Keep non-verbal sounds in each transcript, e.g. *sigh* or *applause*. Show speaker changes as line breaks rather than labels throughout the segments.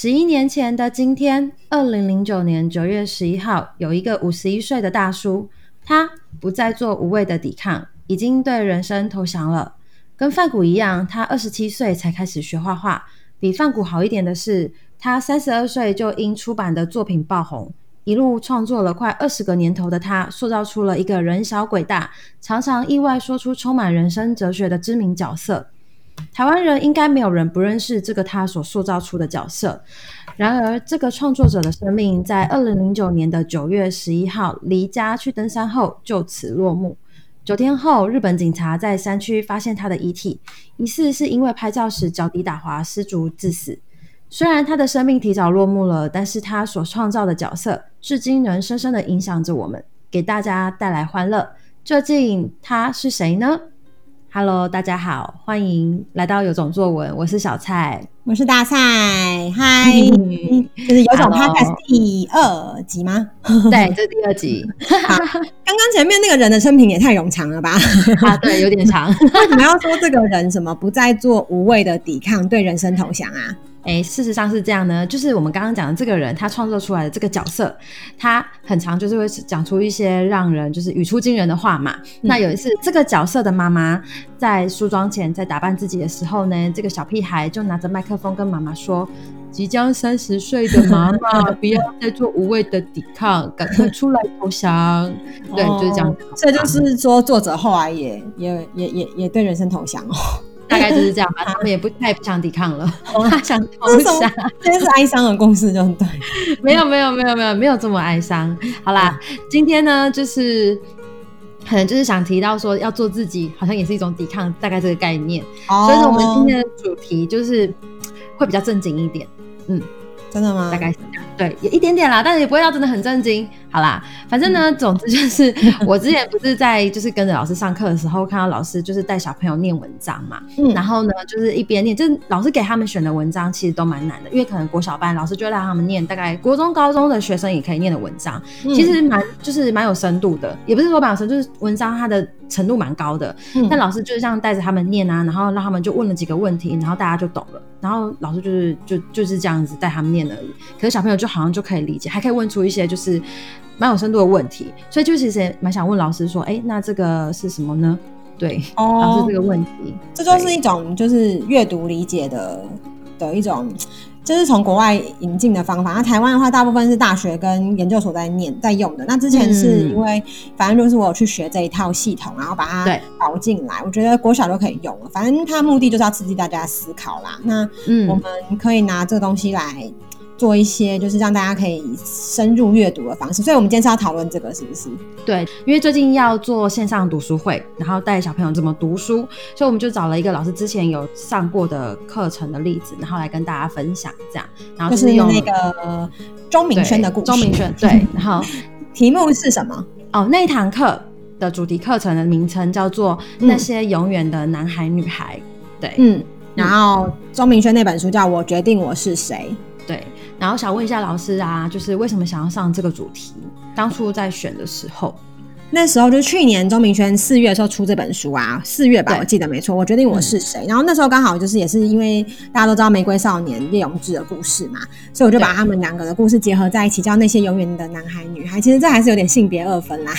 十一年前的今天，二零零九年九月十一號，有一個五十一歲的大叔，他不再做無謂的抵抗，已經對人生投降了。跟梵谷一樣，他二十七歲才開始學畫畫，比梵谷好一點的是，他三十二歲就因出版的作品爆紅，一路創作了快二十個年頭的他，塑造出了一個人小鬼大，常常意外說出充滿人生哲學的知名角色。台灣人應該沒有人不認識這個他所塑造出的角色。然而，這個創作者的生命在二零零九年的九月十一號離家去登山後就此落幕。九天後，日本警察在山區發現他的遺體，疑似是因為拍照時腳底打滑失足致死。雖然他的生命提早落幕了，但是他所創造的角色至今仍深深地影響着我們，給大家帶來歡樂。究竟他是誰呢？Hello，大家好，歡迎來到有種作文。我是小蔡，
我是大蔡，嗨，就是有種 podcast 第二集嗎？Hello. *laughs* 對，這是第二集。好，剛剛 *laughs* 前面那個人的生平也太冗長了吧？啊， *laughs* *laughs* 對，有點長。為什麼要
說這個人什麼不再做無謂的抵抗，對人生投降啊？哎，事實上是這樣呢，就是我們剛剛講的這個人，他創作出來的這個角色，他很常就是會講出一些讓人就是語出驚人的話嘛。嗯、那有一次，這個角色的媽媽在梳妝前在打扮自己的時候呢，這個小屁孩就拿着麥克風跟媽媽說：“嗯、即將三十歲的媽媽，不要再做無謂的抵抗，趕快 *laughs* 出來投降。” *laughs* 對，就是這樣。哦、所以就是說，作者後來也、嗯、也也也也對人生投降哦。大概 *laughs* 就是這樣吧，他們也不、啊、太不想抵抗了，哦、他想投降，想，是哀傷的公司，就很對， *laughs* 沒有沒有沒有沒有沒有這麼哀傷，好啦，嗯、今天呢就是，可能就是想提到說要做自己，好像也是一種抵抗，大概這個概念，哦、所以說我們今天的主題就是會比較正經一點，嗯，真的嗎？大概是這樣，對，有一點點啦，但是也不會到真的很正經。好啦，反正呢，嗯、總之就是我之前不是在就是跟着老師上課的時候，看到老師就是帶小朋友念文章嘛，嗯、然後呢，就是一邊念，就是老師給他們選的文章其實都蠻難的，因為可能國小班老師就讓他們念，大概國中高中的學生也可以念的文章，其實蠻就是蠻有深度的，也不是說蠻有深度，就是文章它的程度蠻高的，但老師就是這樣帶着他們念啊，然後讓他們就問了幾個問題，然後大家就懂了，然後老師就是就就是這樣子帶他們念而已，可是小朋友就好像就可以理解，還可以問出一些就是。蠻有深度的問題，所以就其實也蠻想問老師說，哎、欸，那這個是什麼呢？對，哦、老師這個問題，這就是一種就是閱讀理解的的一種，就是從國
外引進的方法。那台灣的話，大部分是大學跟研究所在念在用的。那之前是因為反正就是我有去學這一套系統，然後把它導進來。對，我覺得國小都可以用了，反正它的目的就是要刺激大家思考啦。那我們可以拿這個東西來
做一些就是讓大家可以深入閱讀的方式，所以我們今天是要討論這個是不是？對，因為最近要做線上讀書會，然後帶小朋友怎麼讀書，所以我們就找了一個老師之前有上過的課程的例子，然後來跟大家分享。這樣，然後是就是用那
個鍾、呃、明軒的故事。鍾明軒，對。然
後 *laughs* 題目是什麼？哦，那一堂課的主題課程的名稱叫做《那些永遠的男孩女孩》。嗯、對，嗯，
然後
鍾、嗯、明軒那本書叫《我決定我是誰》。對。然後想問一下老師啊，就是為什麼想要上這個主題？當初在選的時候，那時候就是、去
年鍾明軒四月的時候出這本書啊，四月吧，對我記得沒錯。我決定我是誰，嗯、然後那時候剛好就是也是因為大家都知道玫瑰少年葉永志的故事嘛，所以我就把他們兩個的故事結合在一起，對叫那些永遠的男孩女孩。其實這還是有點性別二分啦。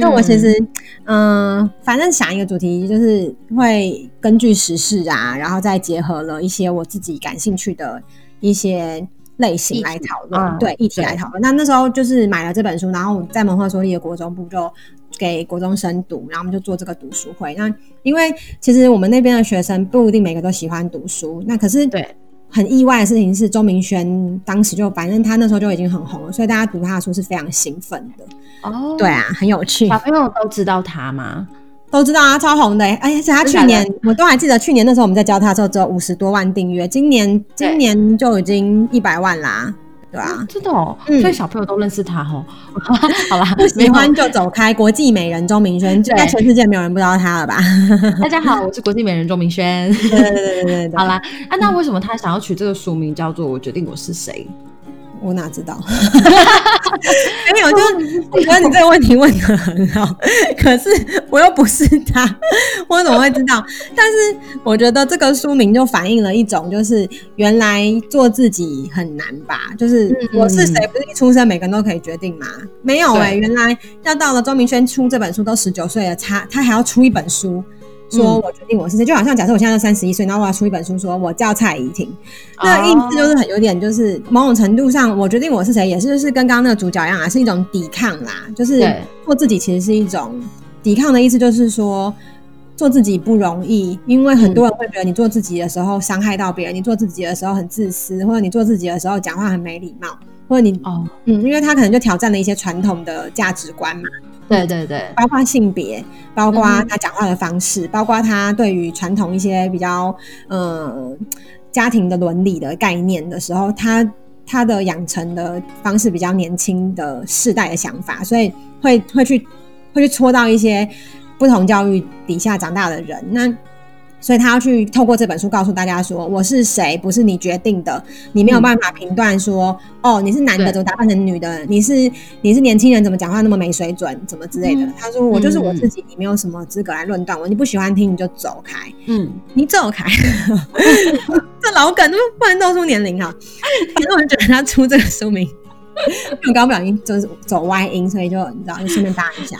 那、 *laughs* 嗯、我其實嗯、呃，反正想一個主題，就是會根據時事啊，然後再結合了一些我自己感興趣的一些。類型來討論，嗯、對，議題來討論。對那那時候就是買了這本書，然後在蒙特梭利的國中部就給國中生讀，然後我們就做這個讀書會。那因為其實我們那邊的學生不一定每個都喜歡讀書，那可是對很意外的事情是，鍾明軒當時就反正他那時候就已經很紅了，所以大家讀他的書是非常興奮的。哦，對啊，很有趣。小朋友都知道他嗎？都知道啊，超紅的哎、欸，而且他去年的我都還記得，去年那時候我們在教他的時候只有五十多萬訂閱，今年今年就已經一百萬啦、啊，對啊、嗯，真的哦，所以小朋友都認識他哦。 *laughs* 好了啦，不喜歡就
走開，有國際美人鍾明軒，應該全世界沒有人不知道他了吧？ *laughs* 大家好，我是國際美人鍾明軒。 *laughs* 對對對，對，好啦、嗯啊，那為什麼他想要取這個書名叫做《我決定我是誰》？我哪知道、 *laughs* *laughs* 欸？沒有，就
*laughs* 我覺得你這個問題問得很好，可是我又不是他，我怎麼會知道？ *laughs* 但是我覺得這個書名就反映了一種，就是原來做自己很難吧？就是我是誰不是一出生、嗯、每個人都可以決定嗎？沒有誒、欸、對 原來要到了鍾明軒出這本書都十九歲了，他他還要出一本書。說我決定我是誰，嗯、就好像假設我現在是三十一歲，然後我要出一本書，說我叫蔡宜婷，
那意思
就是很有點就是某種程度上，我決定我是誰，也是就是跟剛剛那個主角一樣，啊，是一種抵抗啦。就是做自己其實是一種對，抵抗的意思，就是說做自己不容易，因為很多人會覺得你做自己的時候傷害到別人，嗯、你做自己的時候很自私，或者你做自己的時候講話很沒禮貌，或者你哦嗯，因為他可能就挑戰了一些傳統的價值觀嘛。對對對，包括性別，包括他講話的方式，嗯、包括他對於傳統一些比較嗯、呃、家庭的倫理的概念的時候，他他的養成的方式比較年輕的世代的想法，所以會會去會去戳到一些不同教育底下長大的人那。所以他要去透過這本書告訴大家說，我是誰不是你決定的，你沒有辦法評斷說，哦，你是男的怎麼打扮成女的，你是你是年輕人怎麼講話那麼沒水準，怎麼之類的。他說我就是我自己，你沒有什麼資格來論斷我，你不喜歡聽，你就走開。嗯，你走開，這老梗都不能露出年齡哈。也是我很覺得他出這個書名，因為我剛剛不小心就是走歪音，所以就你知道就順便搭一下。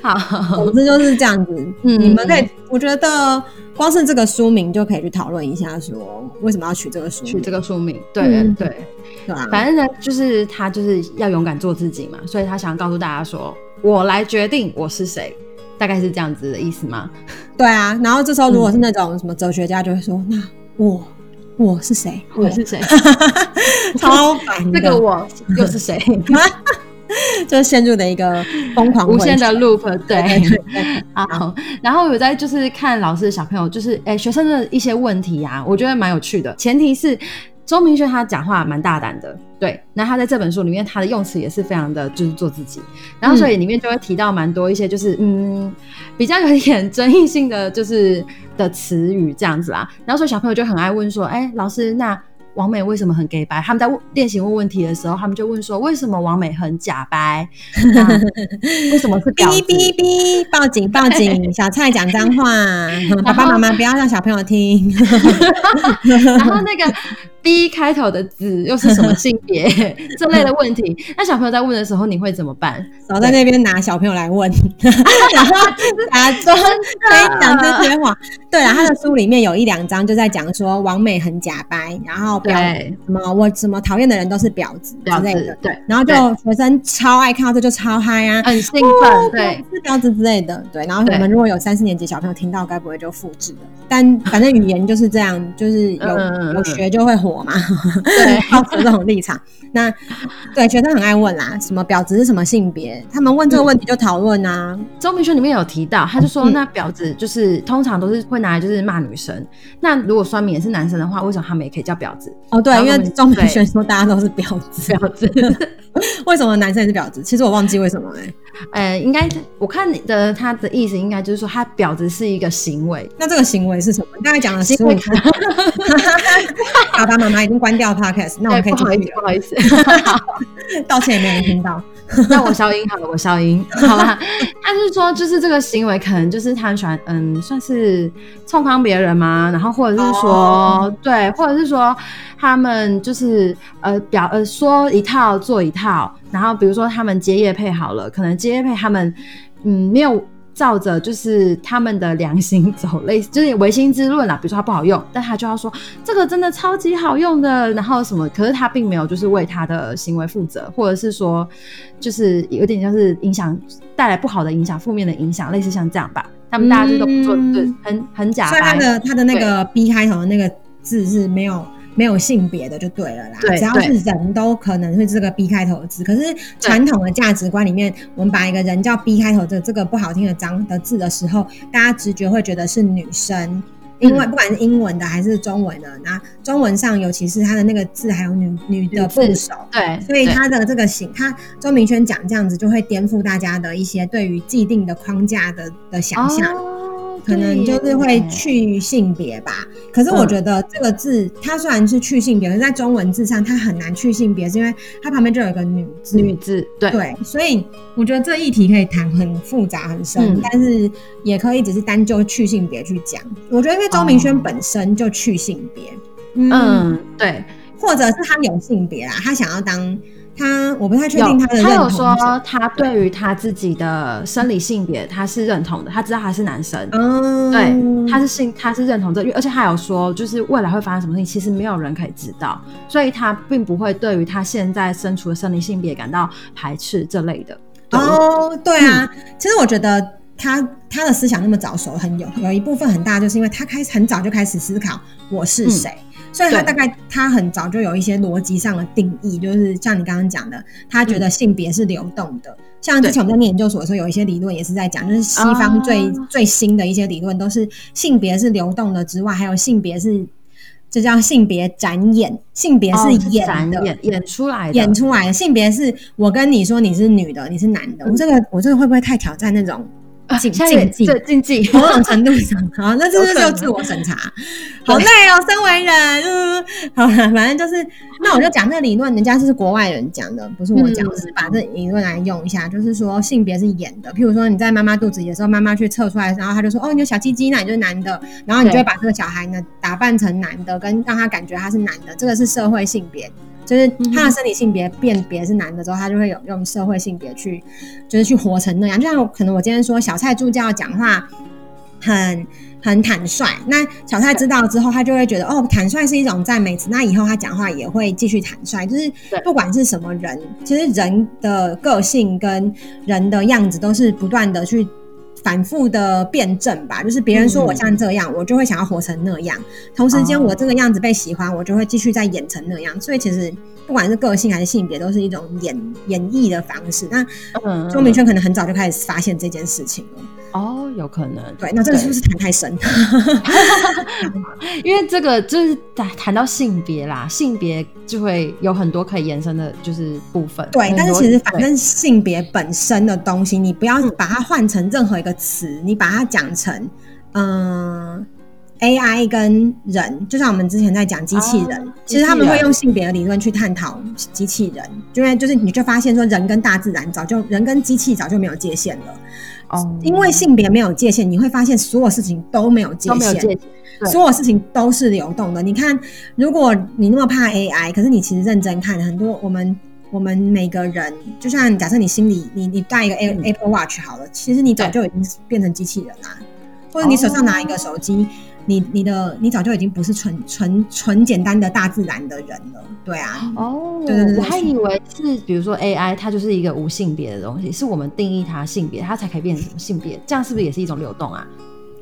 好，好總之就是這樣子。嗯、你們可以，嗯、我覺得
光是這個書名就可以去討論一下，說為什麼要取這個書名。取這個書名？對對、嗯、對，對啊、反正呢，就是他就是要勇敢做自己嘛，所以他想要告訴大家說，我來決定我是誰，大概是這樣子的意思嗎？對啊，然後這時候如果是那
種什麼哲學家，就會說，嗯、那我我是誰？我是誰？
是 *laughs* 超煩的，這 *laughs* 個我又是誰？ *laughs* *laughs* 就陷入的一個瘋狂無限的 loop，對，對，對，對。好，然後有在就是看老師的小朋友，就是哎、欸、學生的一些問題啊，我覺得蠻有趣的。前提是鍾明軒他講話蠻大膽的，對，那他在這本書裡面他的用詞也是非常的，就是做自己，然後所以裡面就會提到蠻多一些就是嗯，嗯比較有點爭議性的就是的詞語這樣子啊，然後所以小朋友就很愛問說，哎、欸、老師那。王美為什麼很給白？他們在問練習問問題的時候，他們就問說：為什麼王美很假掰？為什麼是婊子？嗶嗶嗶！報警！報警！對小菜講髒話， *laughs* 後爸爸媽媽不要讓小朋友聽。 *laughs* *laughs* 然後那個 B 開頭的字又是什麼性別？ *laughs* 這類的問題，那小朋友在問的時候，你會怎麼辦？然後在那
邊拿小朋友來問，假裝可以講這些話。對，他的書裡面有一兩章就在講說王美很假掰，然後。對，什麼我怎麼討厭的人都是婊子之類的，對，然後就學生超愛看到這就超嗨啊，很興奮，對，是婊子之類的，對，然後你們如果有三四年級小朋友聽到，該不會就複製了？但反正語言就是這樣，就是有有學就會火嘛，對，持這種立場。那對，學生很愛問啦，什麼婊子是什麼性別？他們問這個
問題就討論啊。鍾明軒裡面有提到，他就說那婊子就是通常都是會拿來就是罵女生，那如果酸民也是男生的話，為什麼他們也可以叫婊子？哦，對，因為鍾明軒說大家都是婊子，婊子， *laughs* 為什麼男生也是婊子？其實我忘記為什麼哎、欸，呃，應該是、嗯、我看你的他的意思，應該就是說他婊子是一個行為，那這個行為是什麼？你剛才講了 *laughs* *laughs* 的是因為爸爸媽媽已經關掉 podcast， *laughs* 那我們可以繼續、欸，不好意思，不好意思 *laughs* *laughs* 道歉也沒人聽到。 *laughs* 那我消音好了，我消音好吧，他 *laughs* 是說，就是這個行為可能就是他喜歡，嗯，算是沖康別人嘛，然後或者是說，oh. 對，或者是說他們就是呃表呃說一套做一套，然後比如說他們接業配好了，可能接業配他們嗯沒有。照着就是他們的良心走，類似就是唯心之論啦。比如說它不好用，但他就要說這個真的超級好用的，然後什麼？可是他並沒有就是為他的行為負責，或者是說就是有點像是影響帶來不好的影響、負面的影響，類似像這樣吧。他們大家就都不做，嗯、對，很很假白。所以他的他的那個 B 開頭的那個字是沒有。沒有性別的就對了啦，只要是
人都可能會這個 B 開頭的字，可是傳統的價值觀裡面，對我們把一個人叫 B 開頭的這個不好聽的髒的字的時候，大家直覺會覺得是女生，因為不管是英文的還是中文的，那、嗯、中文上尤其是它的那個字還有女女的部首，對，所以它的這個形，它鍾明軒講這樣子就會顛覆大家的一些對於既定的框架的的想象。哦可能就是會去性別吧，對可是我覺得這個字、嗯、它雖然是去性別，可是，在中文字上它很難去性別，是因為它旁邊就有個女女字。女字對，對，所以我覺得這議題可以談很複雜很深，嗯、但是也可以只是單就去性別去講。我覺得因為鍾明軒本身就去性別，嗯，嗯
嗯
對，或者是他有性別啦，他想要當。他我不太確定他的認同有他有說
他對於他自己的生理性別，他是認同的，他知道他是男生，嗯、對，他是性他是認同的，因為而且他有說就是未來會發生什麼事情，其實沒有人可以知道，所以他並不會對於他現在身處的生理性別感到排斥這類的。哦，對啊，嗯、其實我覺得他他的思想那麼早熟，很有有一部分很大，就是因
為他開始很早就開始思考我是誰。嗯所以他大概他很早就有一些邏輯上的定義，就是像你剛剛講的，他覺得性別是流動的。像之前我們在念研究所的時候，有一些理論也是在講，就是西方最最新的一些理論都是性別是流動的之外，還有性別是這叫性別展演，性別是演的，演出來的，演出來的性別是我跟你說你是女的，你是男的，我這個我這個會不會太挑戰那種？禁禁禁禁禁，某種程度上， *laughs* 好，那就是就自我審查，好累哦， *laughs* 身為人，呃、好了，反正就是，那我就講這理論，人家是國外人講的，不是我講，嗯、我是把這理論來用一下，嗯、就是說性別是演的，譬如說你在媽媽肚子裡的時候，媽媽去測出來，然後她就說，哦，你有小雞雞，那你就是男的，然後你就會把這個小孩呢打扮成男的，跟讓他感覺他是男的，這個是社會性別。就是他的生理性別辨別是男的之後，他就會有用社會性別去，就是去活成那樣。就像可能我今天說小蔡助教講話很很坦率，那小蔡知道之後，他就會覺得哦，坦率是一種讚美詞，那以後他講話也會繼續坦率。就是不管是什麼人，對其實人的個性跟人的樣子都是不斷的去。反覆的辯證吧，就是別人說我像這樣，嗯、我就會想要活成那樣。同時間，我這個樣子被喜歡，哦、我就會繼續再演成那樣。所以，其實不管是個性還是性別，都是一種演演繹的方式。那嗯、嗯、
嗯，鍾明軒可能很早就開始發現這件事情了。哦，oh, 有可能，對，對，那這個是不是談太深？對 *laughs* 因為這個就是談談到性別啦，性別就會有很多可以延伸的，就是部分。對，但是其實反正性別本身的東
西，對你不要把它換成任何一個詞，嗯、你把它講成嗯、呃、AI 跟人，就像我們之前在講機器人，oh, 機器人其實他們會用性別的理論去探討機器人，對因為就是你就發現說，人跟大自然早就人跟機器早就沒有界限了。哦，oh, 因為性別沒有界限，對你會發現所有事情都沒有界限，有界所有事情都是流動的。你看，如果你那麼怕 AI，可是你其實認真看，很多我們我們每個人，就像假設你心裡你你戴一個 Apple Watch 好了，對其實你早就已經變成機器人了，對或者你手上拿一個手機。Oh, 嗯你你的你早就已經不是純純純簡單的大自然的人
了，對啊，哦，我還以為是，比如說 A I 它就是一個無性別的東西，是我們定義它性別，它才可以變成性別，這樣是不是也是一種流動啊？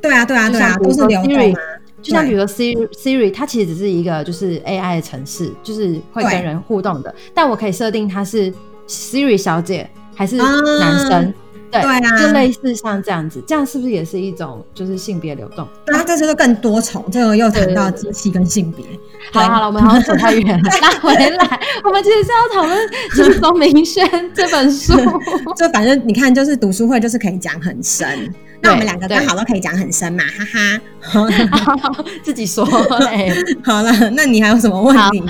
對啊對啊對啊，不是流動嗎？
啊、就像比如說 Siri Siri、啊、它其實只是一個就是 A I 的程式，就是會跟人互動的，對但我可以設定它是 Siri 小姐還是男生。嗯
對，對啊，就類
似像這樣子，這樣是不是也是一種就是性別流動？那啊，啊這就更
多重，這個又談到機器跟性別。好
了，好了， *laughs* 我們好像走太遠了，
那回來。 *laughs* 我們其實是要討論《鍾明軒》這本書。 *laughs* 就反正你看，就是讀書會，就是可以講很深。 *laughs*
那我們
兩個剛好都可以講很深嘛，哈哈，哈哈， *laughs* 自己說。 *laughs* *laughs* 好啦，
那你還有什麼問題？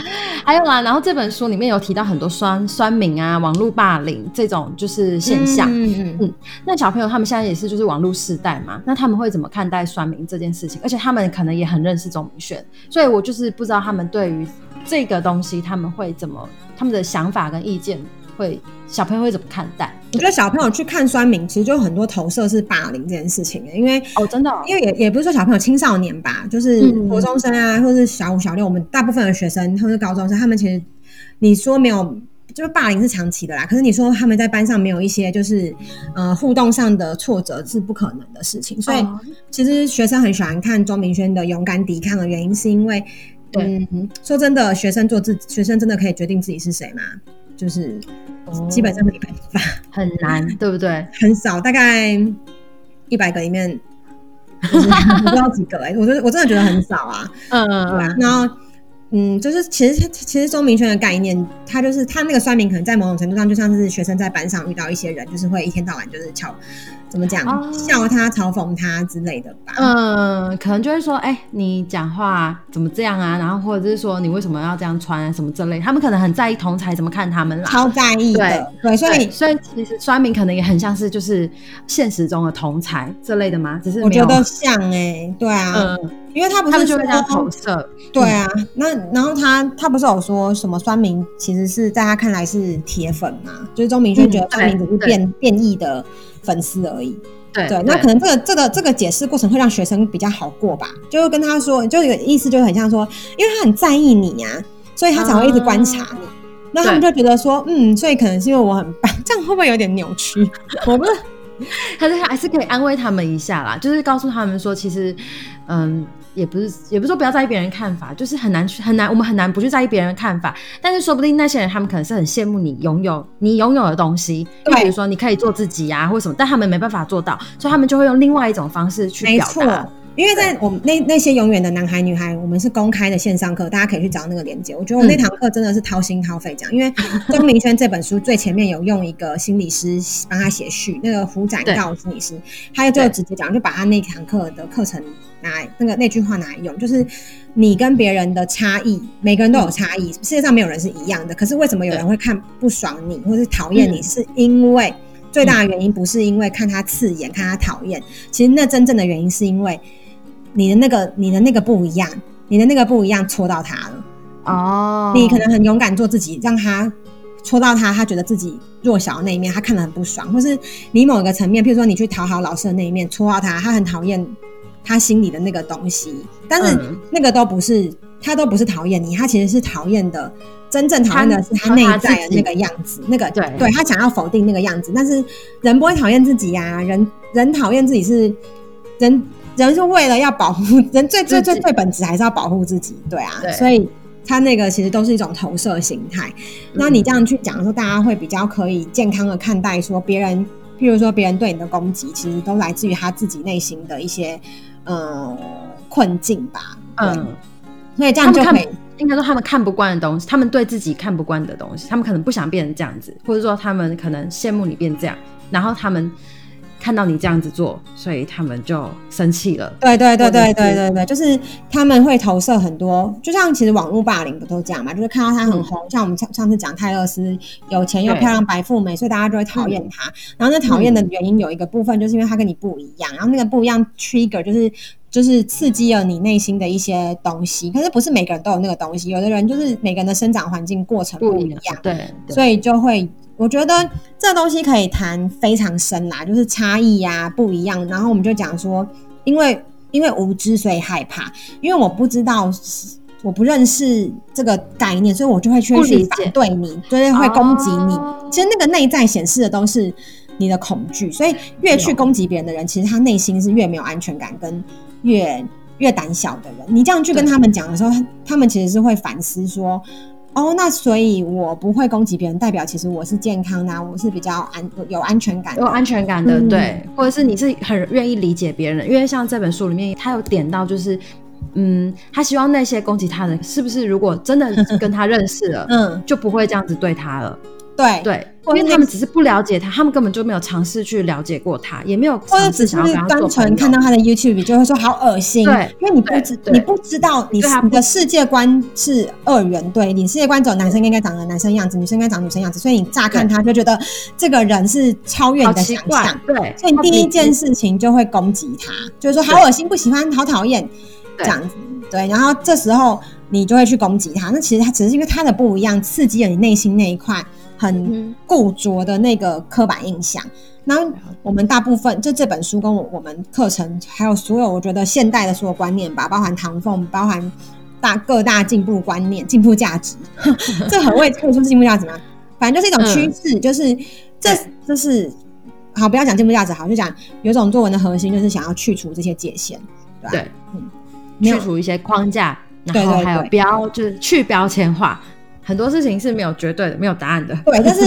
還有啊。然後這本書裡面有提到很多酸酸民啊、網絡霸凌這種就是現象。嗯嗯嗯。那小朋友他們現在也是就是網絡世代嘛，那他們會怎麼看待酸民這件事情？而且他們可能也很認識鍾明軒，所以我就是不知道他們對於這個東西他們會怎麼他們的想法跟意見。會小朋友會怎麼看待？我覺得小朋友去看
酸民，其實就很多投射是霸凌這件事情，因為哦真的，因為、哦哦、因為也也不是說小朋友，青少年吧，就是高中生啊，嗯、或者是小五、小六，我們大部分的學生或者高中生，他們其實你說沒有，就是霸凌是長期的啦。可是你說他們在班上沒有一些就是呃互動上的挫折是不可能的事情。所以、嗯、其實學生很喜歡看鍾明軒的勇敢抵抗的原因，是因為、嗯、對，說真的，學生做自己，學生真的可以決定自己是誰嗎？就是。基本上沒辦法，很難， *laughs* 很少對不對？很少，大概一百個裡面我不知道幾個哎、欸， *laughs* 我覺我真的覺得很少啊。 *laughs* 嗯，對、啊。嗯、然後，嗯，就是其實其實鍾明軒的概念，他就是他那個酸民，可能在某種程度上就像是學生在班上遇到一些人，就是會一天到晚就是敲。怎麼講？笑他、啊、嘲諷他之類的
吧。嗯，可能就是說：“哎、欸，你講話怎麼這樣啊？”然後或者是說：“你為什麼要這樣穿？啊？」什麼之類？”他們可能很在意同儕怎麼看他們啦。超在意的。對對，所以所以其實酸民可能也很像是就是現實中的同儕這類的嘛。只是我覺得
像哎、欸，對啊。嗯。
因為他不是，他們就在投射。對啊，那然後他他不是有說什麼酸民
其實是在他看來是鐵粉嘛、啊？就是鍾明軒覺得酸民只是變變異的粉絲而已。
對，那可能
這個這個這個解釋過程會讓學生比較好過吧？就是跟他說，就有意思就很像說，因為他很在意你啊，所以他才會一直觀察你。那他們就
覺得說，嗯，所以可能是因為我很棒，這樣會不會有點扭曲？我不是，還是還是可以安慰他們一下啦，就是告訴他們說，其實嗯。也不是，也不是說不要在意別人看法，就是很難去很難，我們很難不去在意別人看法。但是說不定那些人，他們可能是很羨慕你擁有你擁有的東西。就比對吧 如說你可以做自己呀，啊，或什麼，但他們沒辦法做到，所以他們就會用另外一種方式去表達。沒錯，因為在我們對那
那些永遠的男孩女孩，我們是公開的線上課，大家可以去找那個連接。我覺得我們那堂課真的是掏心掏肺講，嗯、因為《鍾明軒》這本書最前面有用一個心理師幫他寫序， *laughs* 那個胡展誥心理師對他就直接講，對就把他那堂課的課程。拿那個那句話拿來用，就是你跟別人的差異，每個人都有差異，嗯、世界上沒有人是一樣的。可是為什麼有人會看不爽你，或者是討厭你？是因為最大的原因不是因為看他刺眼，嗯、看他討厭。其實那真正的原因是因為你的那個你的那個不一樣，你的那個不一樣戳到他了。哦，你可能很勇敢做自己，讓他戳到他，他覺得自己弱小的那一面，他看得很不爽，或是你某一個層面，譬如說你去討好老師的那一面戳到他，他很討厭。他心裡的那個東西，但是那個都不是，他都不是討厭你，他其實是討厭的，真正討厭的是他內在的那個樣子，那個對，對他想要否定那個樣子，但是人不會討厭自己呀、啊，人人討厭自己是人人是為了要保護人最最最最本質還是要保護自己，對啊，對所以他那個其實都是一種投射形態。那你這樣去講的時候，大家會比較可以健康的看待說，別人，譬如說別人對你的攻擊，其實都來自於他自己內心的一些。呃、嗯，困
境吧，嗯，所以這樣就可以他們看，應該說他們看不慣的東西，他們對自己看不慣的東西，他們可能不想變成這樣子，或者說他們可能羨慕你變這樣，然後他們。看到你這樣子做，所以他們就生氣了。對對對對對對對，就
是他們會投射很多，就像其實網絡霸凌不都這樣嘛？就是看到他很紅，嗯、像我們上上次講泰勒斯，有錢又漂亮，白富美，對所以大家就會討厭他。嗯、然後那討厭的原因有一個部分，就是因為他跟你不一樣。然後那個不一樣 trigger 就是就是刺激了你內心的一些東西。可是不是每個人都有那個東西，有的人就是每個人的生長環境過程不一樣，對，所以就會。我覺得這東西可以談非常深啦，就是差異呀、啊，不一樣。然後我們就講說，因為因為無知所以害怕，因為我不知道，我不認識這個概念，所以我就會去反對你，對，就會攻擊你。Uh，其實那個內在顯示的都是你的恐懼，所以越去攻擊別人的人，No. 其實他內心是越沒有安全感，跟越越膽小的人。你這樣去跟他們講的時候，對他們其實是會反思說。哦，oh, 那所以，我不會攻擊別人，代表其實我是健康的、啊，我是比較安有安全感、有安全感的，對，
嗯、或者是你是很願意理解別人，因為像這本書裡面，他有點到就是，嗯，他希望那些攻擊他人，是不是如果真的跟他認識了， *laughs* 嗯，就不會這樣子對他了，對對。對因為他們只是不了解他，他們根本就沒有嘗試去了解過他，也沒有。或者只是單純看到他的 YouTube 就會說好噁心。對因為你不知對你不
知道你對你的世界觀是二元，對，你世界觀只有男生應該長得男生樣子，嗯、女生應該長女生樣子，所以你乍看他就覺得這個人是超越你的想
象。對，所以第一件事
情就會攻擊他，對就是說好噁心，對不喜歡，好討厭，對這樣子。對，然後這時候你就會去攻擊他，那其實他只是因為他的不一樣刺激了你內心那一塊。很固着的那個刻板印象，然後、嗯、哼我們大部分就這本書跟我、我們課程，還有所有我覺得現代的所有觀念吧，包含唐鳳，包含大各大進步觀念、進步價值， *laughs* 這何謂進步價值嘛？反正就是一種趨勢，嗯、就是這對這是好，不要講進步價值，好就講有種作文的核心就是想要去除這些界限，
對、啊、對嗯，去除一些框架，然後還有標對對對對就是去標籤化。很多事情是沒有絕對的，沒有答案的。對，但是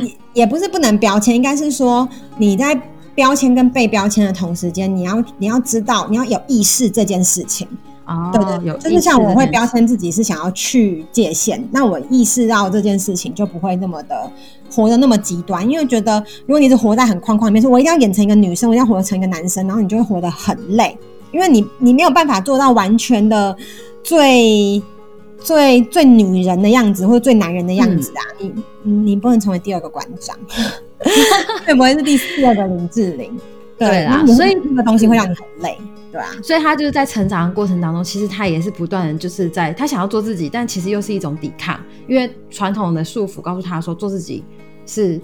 也也不是不能標籤， *laughs* 應該是說你在
標籤跟被標籤的同時間，你要你要知道，你要有意識這件事情。哦、對不對，對對，有意就是像我會標籤自己是想要去界限，邊那我意識到這件事情就不會那麼的活得那麼極端，因為覺得如果你是活在很框框裡面，說我一定要演成一個女生，我一定要活成一個男生，然後你就會活得很累，因為你你沒有辦法做到完全的最。最最女人的樣子，或者最男人的樣子的啊，你、嗯嗯、你不能成為第二個館長，也不會是第四個林志玲，對，對啦，所以這個東西會讓你
很累，對啊，所以他就是在成長的過程當中，嗯、其實他也是不斷的就是在，他想要做自己，但其實又是一種抵抗，因為傳統的束縛告訴他說做自己是。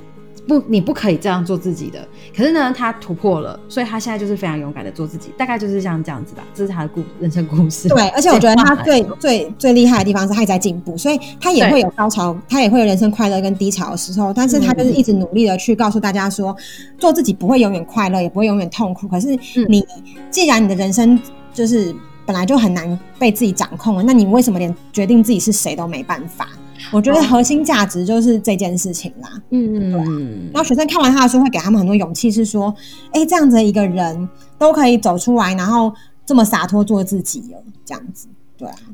不，你不可以這樣做自己的。可是呢，他突破了，所以他現在就是非常勇敢的做自己。大概就是像這樣子吧。這是他的故人生故事。對，而且我覺得他最
對最最厲害的地方是，他也在進步，所以他也會有高潮，對他也會有人生快樂跟低潮的時候。但是他就是一直努力的去告訴大家說，嗯、做自己不會永遠快樂，也不會永遠痛苦。可是你、嗯、既然你的人生就是本來就很難被自己掌控了，那你為什麼連決定自己是誰都沒辦法？我覺得核心價值就是這件事情啦，嗯、哦、對吧？嗯，嗯。然後學生看完他的書，會給他們很多勇氣，是說，哎，這樣子一個人都可以走出來，然後這麼灑脫做自己了，
這樣子。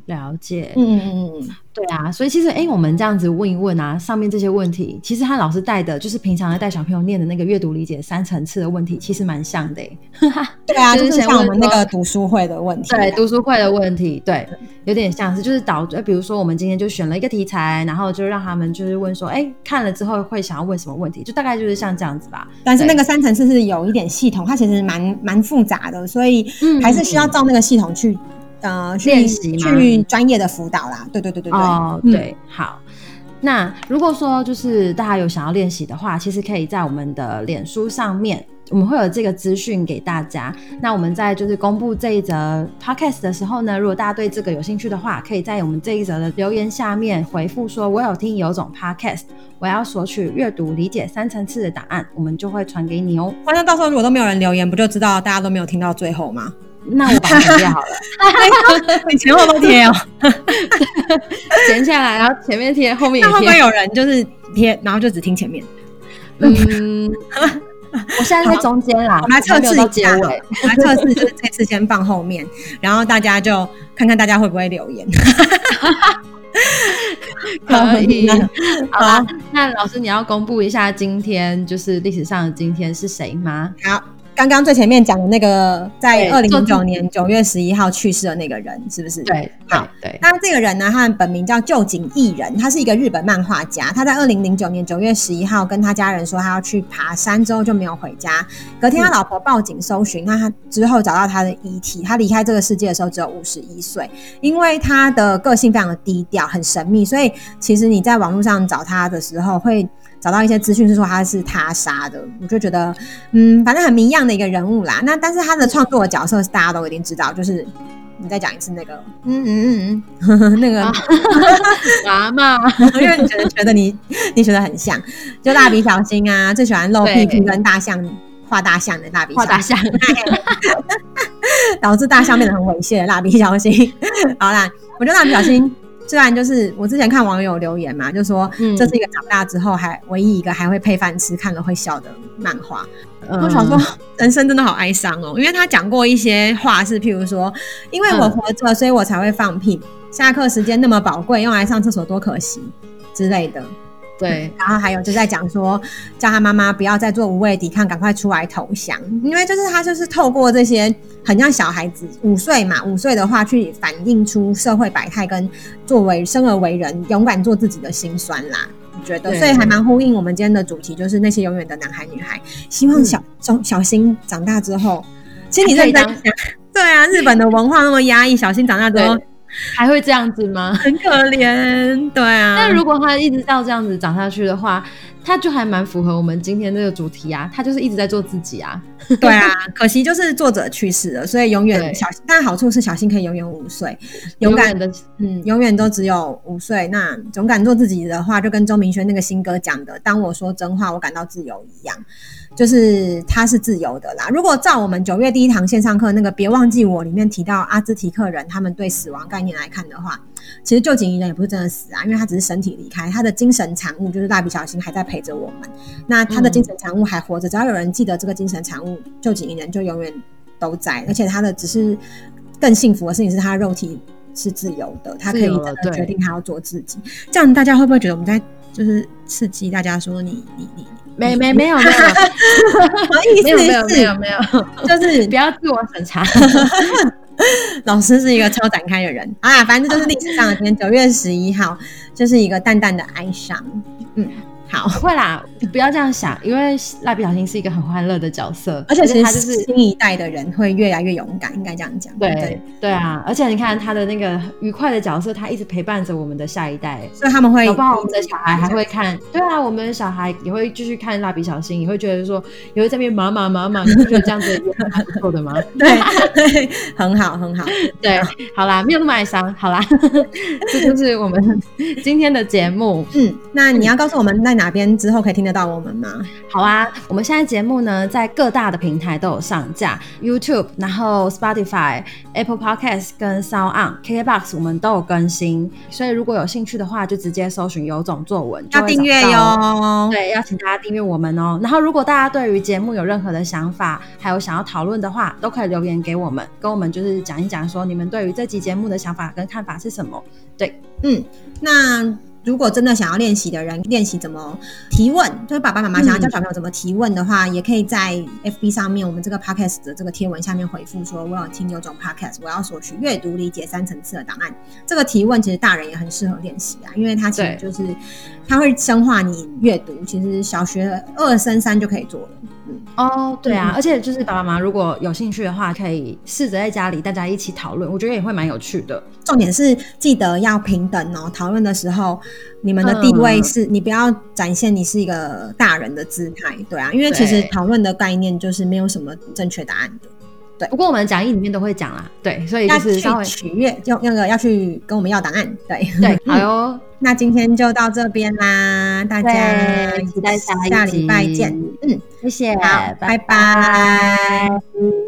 了解，嗯嗯嗯，對啊，所以其實哎、欸，我們這樣子問一問啊，上面這些問題，其實他老師帶的就是平常要帶小朋友念的那個閱讀理解三層次的問題，其實蠻像的、欸。對啊， *laughs* 就是像我們那個讀書會的問題，對，讀書會的問題，對，有點像是就是導，比如說我們今天就選了一個題材，然後就讓他們就是問說，哎、欸，看了之後會想要問什麼問題，就大概就是像這樣子吧。但是那
個三層次是有一點系統，它其實蠻蠻複雜的，所以還是需要照那個系統去。嗯嗯
呃，練習去
專業的輔導啦，對對對對對哦，oh, 對，嗯、
好。那如果說就是大家有想要練習的話，其實可以在我們的臉書上面，我們會有這個資訊給大家。那我們在就是公布這一則 podcast 的時候呢，如果大家對這個有興趣的話，可以在我們這一則的留言下面回復說“我有聽有種 podcast”，我要索取閱讀理解三層次的檔案，我們就會傳給你哦。反正、啊、到時候如果都沒有人留言，不就知道大家都沒有聽到最後嗎？那
我把它貼好了，你 *laughs* 前後都貼哦、喔，
*laughs* 剪下來，然後前面貼，後面也貼。會有
人就是貼，然後就只聽前面。嗯， *laughs*
我現在在中間啦，我們來測試一下，我
我我來測試就是這次先放後面，然後大家就看
看大家會不會留言。
*laughs* *laughs* 可以，好啦，
好那老師你要公布一下今天就是歷史上的今天是誰嗎？好。
剛剛最前面講的那個，在二零零九年九
月十一號去世的那個
人，對是不是？對，好對，對。那這個人呢，他本名叫臼井儀人，他是一個日本漫畫家。他在二零零九年九月十一號跟他家人說他要去爬山，之後就沒有回家。隔天他老婆報警搜尋，是那他之後找到他的遺體。他離開這個世界的時候只有五十一歲。因為他的個性非常的低調，很神秘，所以其實你在網絡上找他的時候會。找到一些資訊是說他是他殺的，我就覺得，嗯，反正很謎樣的一個人物啦。那但是他的創作的角色是大家都一定知道，就是你再講一次那個，
嗯嗯嗯嗯，那個娃嘛、啊、 *laughs* 因為你覺得
覺得你 *laughs* 你覺得很像，就蠟筆小新啊，最喜歡露屁屁跟大象畫大象的蠟筆，筆小新。 *laughs* *laughs* 導致大象變得很猥褻的蠟筆小新。 *laughs* 好啦，我覺得蠟筆小新。雖然就是我之前看網友留言嘛，就說、嗯、這是一個長大之後還唯一一個還會配飯吃、看了會笑的漫畫、嗯嗯。我想說，人生真的好哀傷哦，因為他講過一些話是，譬如說，因為我活着，嗯、所以我才會放屁。下課時間那麼寶貴，用來上廁所多可惜之類的。對，然後還有就在講說，叫他媽媽不要再做無謂抵抗，趕快出來投降，因為就是他就是透過這些很像小孩子五歲嘛，五歲的話去反映出社會百態跟作為生而為人勇敢做自己的心酸啦，我覺得，對所以還蠻呼應我們今天的主題，就是那些永遠的男孩女孩，希望小從、嗯、小新長大之後，其實你在想， *laughs* 對啊，日本的文化那麼壓抑，小
新長大之後。還會這樣子嗎？很可憐，對啊。 *laughs* 但如果他一直到這樣子長下去的話，他就還蠻符合我們今天這個主題啊。他就是一直在做自己啊。 *laughs* 對啊，可惜就是作者去世了，所以永遠小。對但好處是小新可以永遠
五歲，勇敢的，嗯，永遠都只有五歲。那總敢做自己的話，就跟鍾明軒那個新歌講的“當我說真話，我感到自由”一樣。就是他是自由的啦。如果照我們九月第一堂線上課那個“別忘記我”裡面提到阿茲提克人，他們對死亡概念來看的話，其實臼井儀人也不是真的死啊，因為他只是身體離開，他的精神產物就是蠟筆小新還在陪着我們。那他的精神產物還活着，嗯、只要有人記得這個精神產物，臼井儀人就永遠都在。而且他的只是更幸福的事情是他的肉體是自由的，他可以決定他要做自己。哦、這樣大家會不會覺得我們在就是刺激大家說你你你？
你沒沒沒有沒有，沒有沒有 *laughs* 沒有，
沒有沒有就是 *laughs* 不要自我審查。 *laughs* 老師是一個超展開的人，好、啊、呀，反正就是歷史上的 *laughs* 今天，九月十一號，就是一個淡淡的哀傷，
嗯。好會啦，你不要這樣想，因為蠟筆小新是一個很歡樂的角色，而且其實就是新一代的人會越來越勇敢，應該這樣講。對對啊，而且你看他的那個愉快的角色，他一直陪伴着我們的下一代，所以他們會，包括我們的小孩還會看。對啊，我們小孩也會繼續看蠟筆小新，也會覺得說，你會這邊媽媽媽媽，你覺得這樣子還不錯的嗎？對，很好，很好。對，好啦，沒有那麼哀傷，好啦，這就是我們今天的節目。嗯，那你要告訴我們那。哪邊之後可以聽得到我們嗎？好啊，我們現在節目呢，在各大的平台都有上架，YouTube，然後 Spotify、Apple Podcasts 跟 Sound On、KKBox，我們都有更新。所以如果有興趣的話，就直接搜尋“有種作文”要訂閱喲。對，要請大家訂閱我們哦、喔。然後，如果大家對於節目有任何的想法，還有想要討論的話，都可以留言給我們，跟我們就是講一講，說你們對於這期節目的想法跟看法是什麼。對，嗯，那。如果真的想要練習
的人，練習怎麼提問，就是爸爸媽媽想要教小朋友怎麼提問的話，嗯、也可以在 FB 上面我們這個 podcast 的這個貼文下面回復說：“我有聽有種 podcast，我要索取閱讀理解三層次的檔案。”這個提問其實大人也很適合練習啊，因為它其實就是它對會深化你閱讀。其實小學二升三就可以做了。嗯
哦，對啊，而且就是爸爸媽媽如果有興趣的話，可以試着在家裡大家一起討論，我覺得也會蠻有趣的。重點是記得要平等哦，討論的時候。你們的定位是、
嗯、你不要展現你是一個大人的姿態。對啊，因為其實討論的概念就是沒有什麼正確答案的。對，不過我們的講義裡面都會講啦，對，所以就是那去取悅，用那個要去跟我們要答案，對對，好喲、 *laughs* 嗯。那今天就到這邊啦，大家期待下下禮拜見，嗯，謝謝，好，拜拜。拜
拜。